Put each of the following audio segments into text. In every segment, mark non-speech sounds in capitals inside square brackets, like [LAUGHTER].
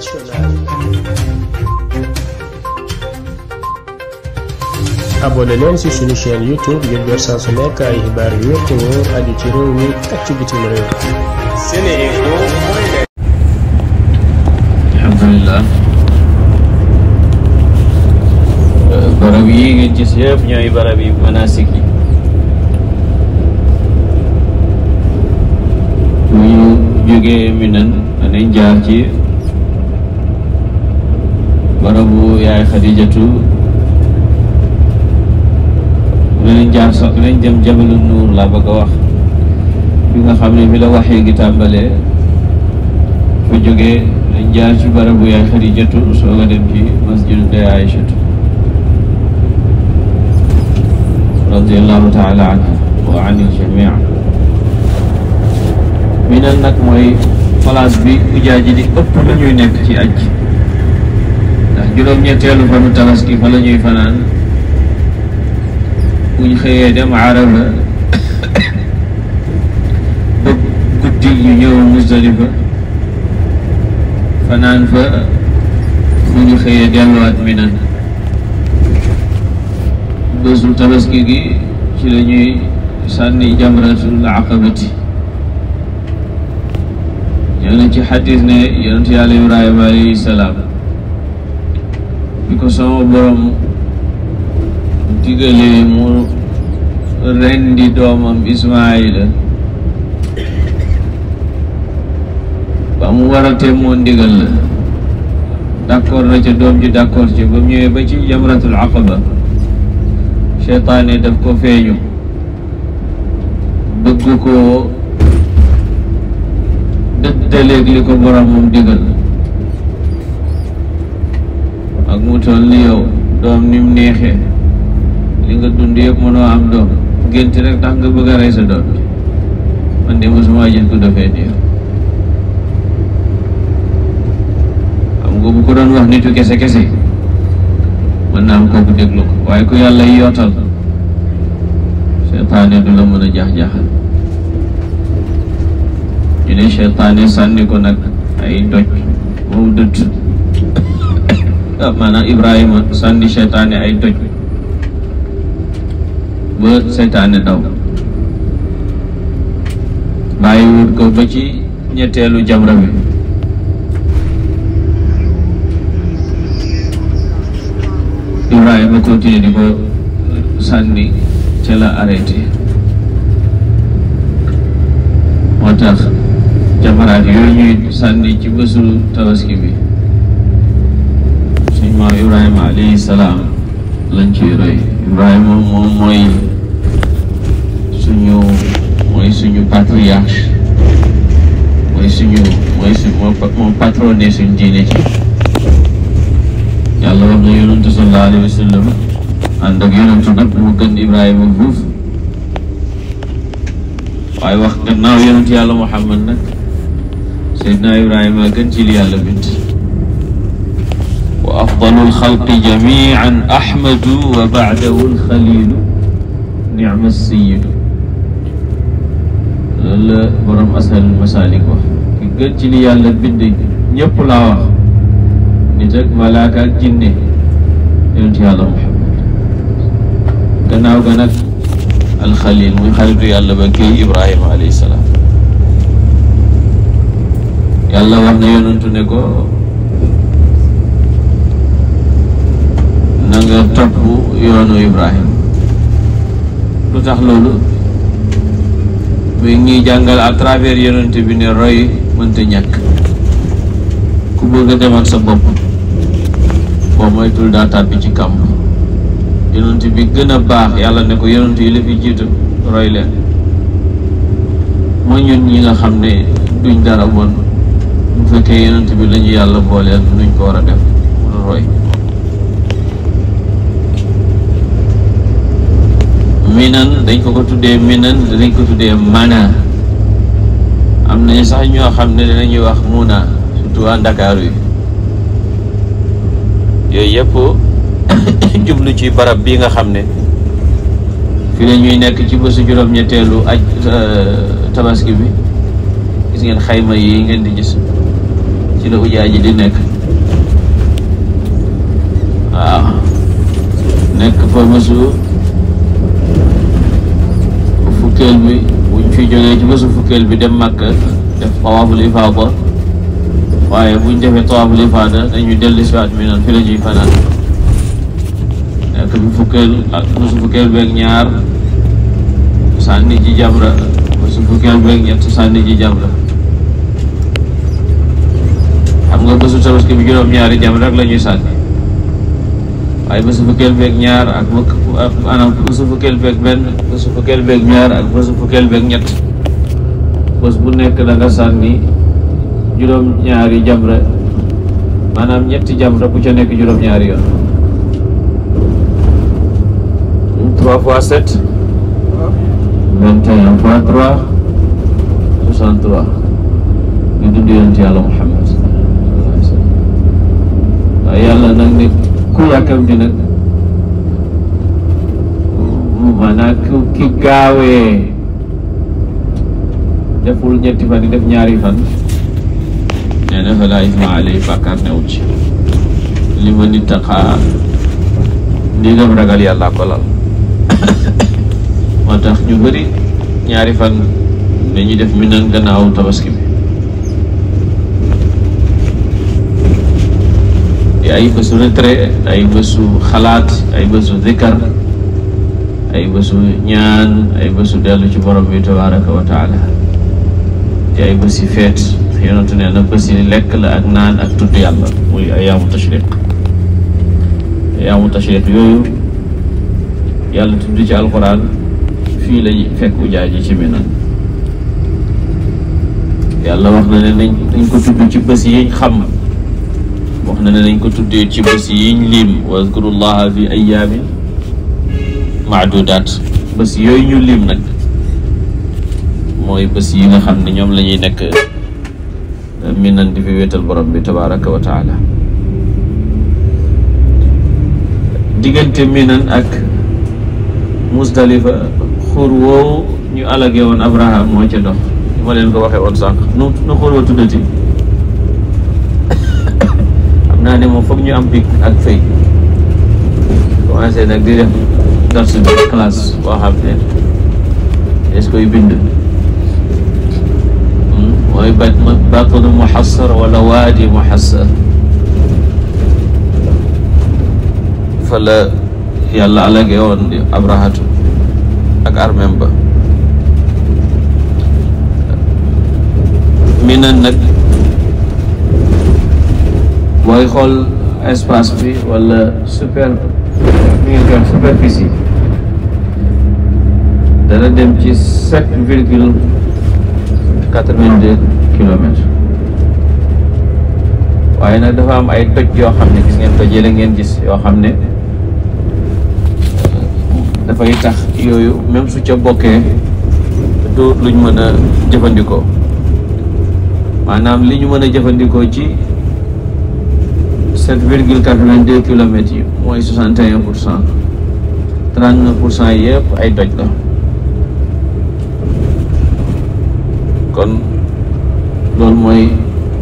internationale. abonné leen ci suñu chaîne youtube ngir jot saa su nekk ay xibaar yu wér te wóor aju ci réew mi ak ci bitim réew. SeneInfo. alhamdulilah. yëpp euh, barab yi manasik yi. jógee mi nan dañuy jaar ci barabu yaay xadijatu dinañ jaar so dinañ jëm jabalu nuur laa bëgg wax bi nga xam ne bi la waxee gi tàmbalee fa jógee dinañ jaar ci barabu yaay xadijatu soo nga dem ci masjidu ndey aïchatu radiallahu taala anha wa an il jamia mi nag mooy place bi ujaaji di ëpp lu nekk ci aj juróom-ñetteelu fanu tabaski fa la ñuy fanaan buñ xëyee dem Arafa ba guddi ñu ñëw Musdalifa fanaan fa bu ñu xëyee delluwaat Minan bésu tabaski gi ci lañuy ñuy sànni jamratul aqabati ñoo na ci xadis ne yonent yàlla Ibrahima alayhi salaam bi ko sama borom digalee mu rendi doomam Ismaayila ba mu waratee moo ndigal la d'accord na ca doom ji d'accord ci ba mu ñëwee ba ci jamratul aqaba seytaane daf ko feeñu bëgg ko dëddaleeg li ko borom moom digal ak mu toll yow doom ni mu neexee li nga dund yëpp mënoo am doom gént rek tax nga bëgg a rey sa doom man de mosuma gis ku dofee nii xam nga bu ko doon wax nitu kese kese mën naa am kooku déglu ko waaye ku yàlla yootal seytaane du la mën a jax-jaxal ñu ne sànni ko nag ay doj moom dëtt maanaam Ibrahima sànni seytaane ay doj ba seytaane daw bàyyi wut ko ba ci ñetteelu jamra bi Ibrahima continué di ko sànni ca la arrêté moo tax jamaraat yooyu ñuy sànni ci bésu tabaski bi suñ maam Ibrahima alayhi salaam lañ ciy roy mooy suñu mooy suñu patriarche mooy suñu mooy suñ moom patronné suñ diine ci wax na yonentu sallallahu alayhi wa sallam ànd ak yonentu nag mu gën Ibrahima buuf waaye wax gannaaw yonentu yàlla Muhammad nag Seydina Ibrahima wa afdalul xalqi jamiican Ahmadu wa ba'dahul Xaliilu nicma sayyidu loolu la borom asalul masaalik wax ki gën ci li yàlla bind ñëpp laa wax nit ak malaaka ak jinne yonent yàlla Muhammad gannaaw ga nag alxaliil muy xaritu yàlla ba kii Ibrahima alayhi salaam yàlla wax na yonentu ne ko. nga topp yoonu Ibrahim lu tax loolu mi ngi jàngal à travers yonent bi ne roy mënta ñàkk ku bëgg a dem sa bopp boo moytul daa bi ci kàmb yonent bi gën a baax yàlla ne ko yonent yi la fi jiitu roy leen mooy ñun ñi nga xam ne duñ dara bon bu fekkee yonent bi la yàlla booleel nuñ ko war a def roy minan dañ ko ko tuddee minan danañ ko tuddee mana am nañu sax ñoo xam ne danañuy wax muna surtout waa ndakaaru yooyu yëpp [COUGHS] jublu ci barab bi nga xam ne fi la ñuy nekk ci bésu juróom-ñetteelu aj euh, tabaski bi gis ngeen xayma yi ngeen di gis ci la ujaa ji di nekk waaw nekk fa fukkeel bi buñ fi jógee ci bésu fukkeel bi dem Makka def tawaaful ifaada waaye buñ defee tawaaful ifaada dañuy dellu si waat Minaan fi la ñuy fanaan nekk bi fukkeel ak bésu fukkeel beeg ñaar sànni ji jamra bésu fukkeel beeg ñett sànni bi juróom-ñaari jamra rek la ñuy ay bésu fukkeel beeg ñaar ak maanaam bésu fukkeel beeg benn bésu fukkeel beeg ñett bés bu nekk da nga sànni juróom-ñaari jamra maanaam ñetti jamra bu ca nekk juróom-ñaari yoon trois fois sept vingt et un fois trois soixante trois ñu dund yàlla Muhammad yàlla nag nit ku yàkkamti nag maanaam ki gaawee deful ñetti fan yi def ñaari fan nee na falaa isma alay bàkkaar newu ci li ma nit taxaa di dem ragal ko lal [COUGHS] moo tax ñu bari ñaari fan dañuy def mi nan tabaski ay bésu retrait ay bésu xalaat ay bésu zikkar ay bésu ñaan ay bésu dellu ci borom bi tabaraka wa taala te ay bési feet yonentu nee na bési lekk la ak naan ak tudd yàlla muy ayaamu tashriq yooyu yàlla tudd ci alquran fii lañu fekk ujaay a ci minan yàlla wax na ne nañ ko tudd ci bés yiñ xam wax na ne nañ ko tuddee ci bés yiñ lim wa azkurullaha fi ayaamin maadudaat bés yooyu ñu lim nag mooy bés yi nga xam ne ñoom la ñuy nekk euh, minan di fi wéetal borom bi tabaraka wa taala diggante minan ak musdalifa xur woowu ñu alage woon abraham moo ca dox ma leen ko waxee woon sànq nu nu xur ne moom foog ñu am bic ak feuille commencé nag di def dars bi classe boo xam ne est-ce koy bind hmm? mooy bat batin muhassar wala waadi muhassar fa la yàlla alage woon abrahatu ak armem ba minan nag booy xool espace bi wala super mi ngi koy superficie dana dem ci sept virgule quatre-vingt-deux kilomètres waaye nag dafa am ay toj yoo xam ne gis ngeen ko jële ngeen gis yoo xam ne dafay tax yooyu même su ca bokkee du luñ mën a jëfandikoo maanaam li ñu mën a jëfandikoo ci sept virgule quatre-vingt-deux kilomètres yi mooy soixante et un pour cent pour cent yëpp ay doj la kon loolu mooy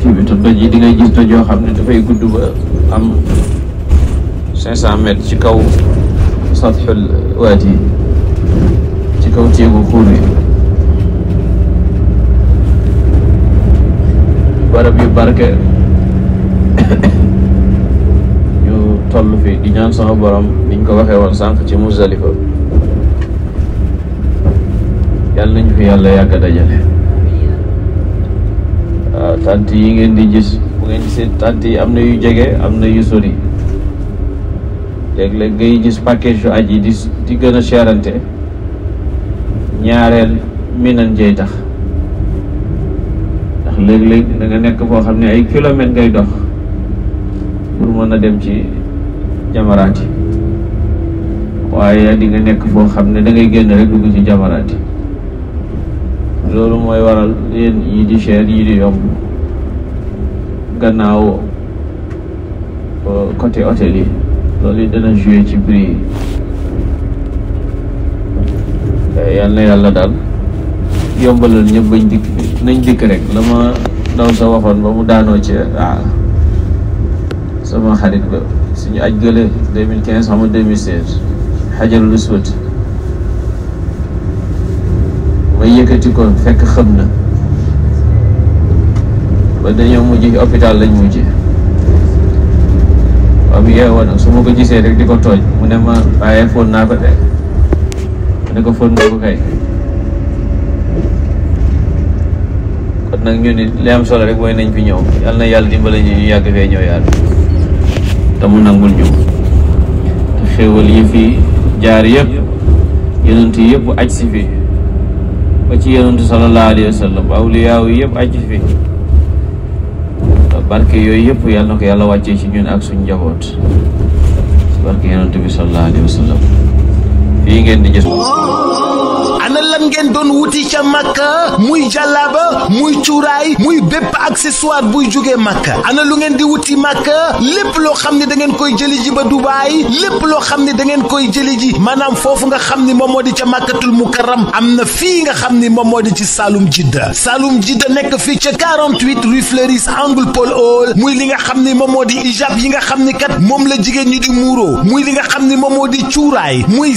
kii bi te doj yi di ngay gis doj yoo xam ne dafay gudd ba am cinq cent mètres ci kaw satxul waat yi ci kaw ceebu xuur yi barab toll fii di ñaan sama borom niñ ko waxee woon sànq ci Muzdalifa yàlla nañ fi yàlla yàgg a dajale waaw tant yi ngeen di gis bu ngeen gisee tant yi am na yu jege am na yu sori léeg-léeg ngay gis package yu aj yi di di gën a cherante ñaareel minan jey tax ndax léeg-léeg da nga nekk koo xam ne ay kilomètres ngay dox pour mën a dem ci jamaraati waaye di nga nekk foo xam ne da ngay génn rek dugg ci jamaraati loolu mooy waral yi di cher yi di yomb gannaaw euh, coté hôtel yi loolu yi dana ci prix yi yal na yàlla daal yombalal ñëpp bañ dikk nañ dikk rek la ma ndaw sa waxoon ba mu daanoo ci ah sama xarit ba suñu aj gële 2015 xam nga 2016 xajarul uswat ma yëkkati ko fekk xëm na ba dañoo mujj hôpital lañ mujj am yeewoon nag su ma ko gisee rek di ko tooñ mu ne ma waaye fóon naa ko de mu ne ko fóon nga ko kay kon nag ñu ni li am solo rek mooy nañ fi ñëw yal na yàlla dimbale ñu ñu yàgg fee ñëw yàlla te mu nangul ñu te xéewal yi fi jaar yëpp yonent yi yëpp aj si fi ba ci yonent sallallahu alayhi wa sallam awliyaaw yi yëpp aj si fi barke yooyu yëpp yàlla na ko yàlla wàccee ci ñun ak suñ njaboot barke yonent bi sallallahu alayhi wa yi ngeen di gis. ana lan ngeen doon wuti ca makka muy jàllaaba muy cuuraay muy bépp accessoire buy jógee makka ana lu ngeen di wuti makka lépp loo xam ni da ngeen koy jëli ji ba dubaay lépp loo xam ni da ngeen koy jëli ji maanaam foofu nga xam ni moom moo di ca màkkatul mukarram am na fii nga xam ni moom moo di ci Saloum jidda saalum jidda nekk fii ca 48 rue Fleuris angle Paul Hall muy li nga xam ni moom moo di ijab yi nga xam ni kat moom la jigéen ñi di muuro muy li nga xam ni moom moo di cuuraay muy